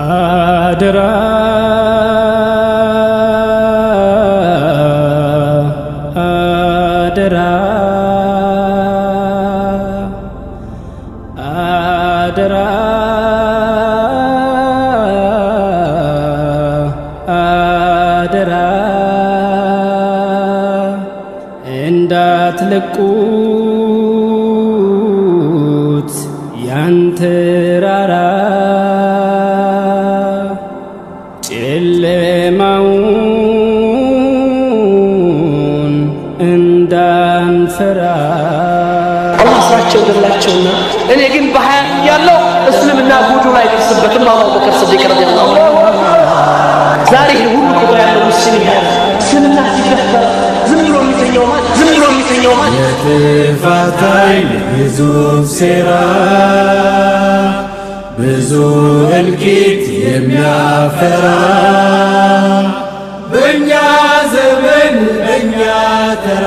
አደራ አደራ አደራ አደራ እንዳትለቁት ያን ተራራ አንሰራ ስራቸው ገላቸውና እኔ ግን በሀያ ያለው እስልምና ጉዱ ላይ ደርስበትም አቡበከር ስዲቅ ረዲ ላ ዛሬ ይህ ሁሉ ቁጥር ያለው ሙስሊም ይሆን እስልምና ሲከበር ዝም ብሎ የሚተኛው ማለት ዝም ብሎ የሚተኛው ማለት የጥፋት አይን ብዙ ሴራ ብዙ እልቂት የሚያፈራ በእኛ ዘመን በእኛ ተራ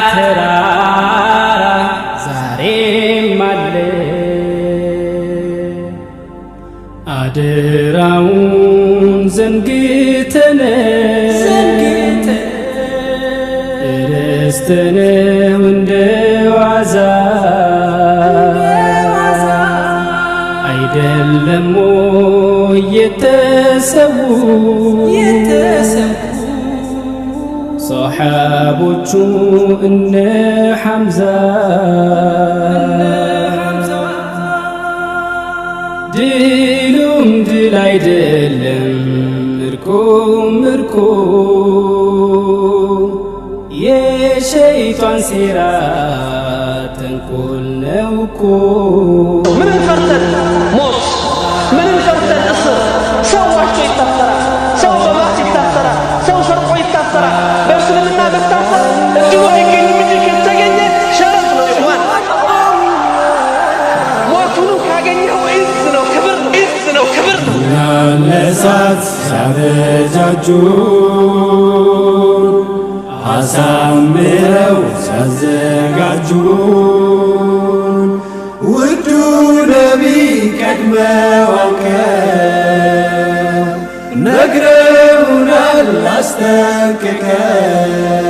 ተራራ ዛሬም አለ አደራውን ዘንግተነ ረስተነው እንደ ዋዛ አይደለም የተሰው صحابتو ان حمزة ديلوم ديلاي ديلم مركوم مركوم يا شيطان سيرات كل نوكو من خطتنا ሳት ሲያበጃጁን አሳምረው ሲያዘጋጁ ውዱ ነቢ ቀድመ አውቀው ነግረውናል አስጠንቅቀው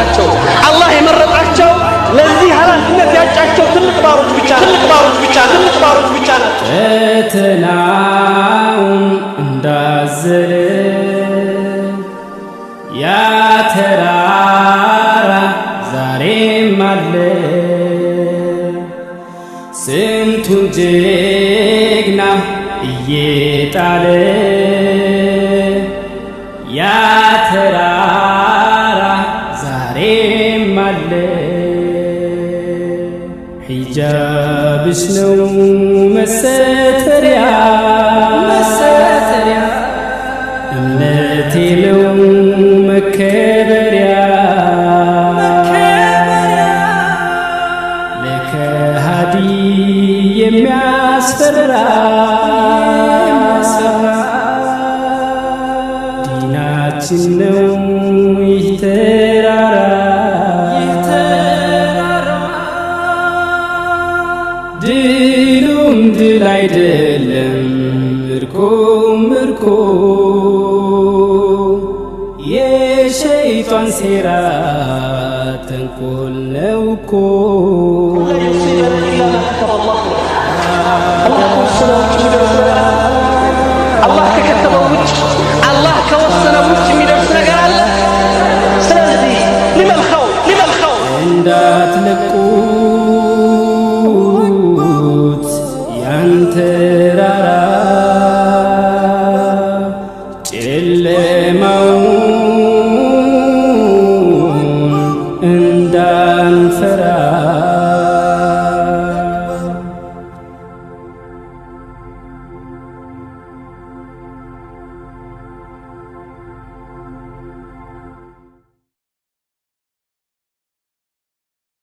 ናቸው። አላህ የመረጣቸው ለዚህ ኃላፊነት ያጫቸው ትልቅ ባሮች ብቻ ትልቅ ባሮች ብቻ ትልቅ ባሮች ብቻ ናቸው። እትናውን እንዳዘለ ያ ተራራ ዛሬም አለ ስንቱን ጀግና እየጣለ ያ ተራ ዛሬም አለ ሒጃብሽ ነው መሰተሪያ መሰተሪያ እምነቴ ነው መከበሪያ ለከሃዲ የሚያስፈራ የሚያስፈራ ዲናችን አይደለም ምርኮ ምርኮ የሸይጣን ሴራ ተንኮል ነው እኮ አላህ ከከተበው ውጭ አላህ ከወሰነው ውጭ የሚደርስ ነገር አለ። ስለዚህ ሊመልኸው ሊመልኸው እንዳትለቁ Emma.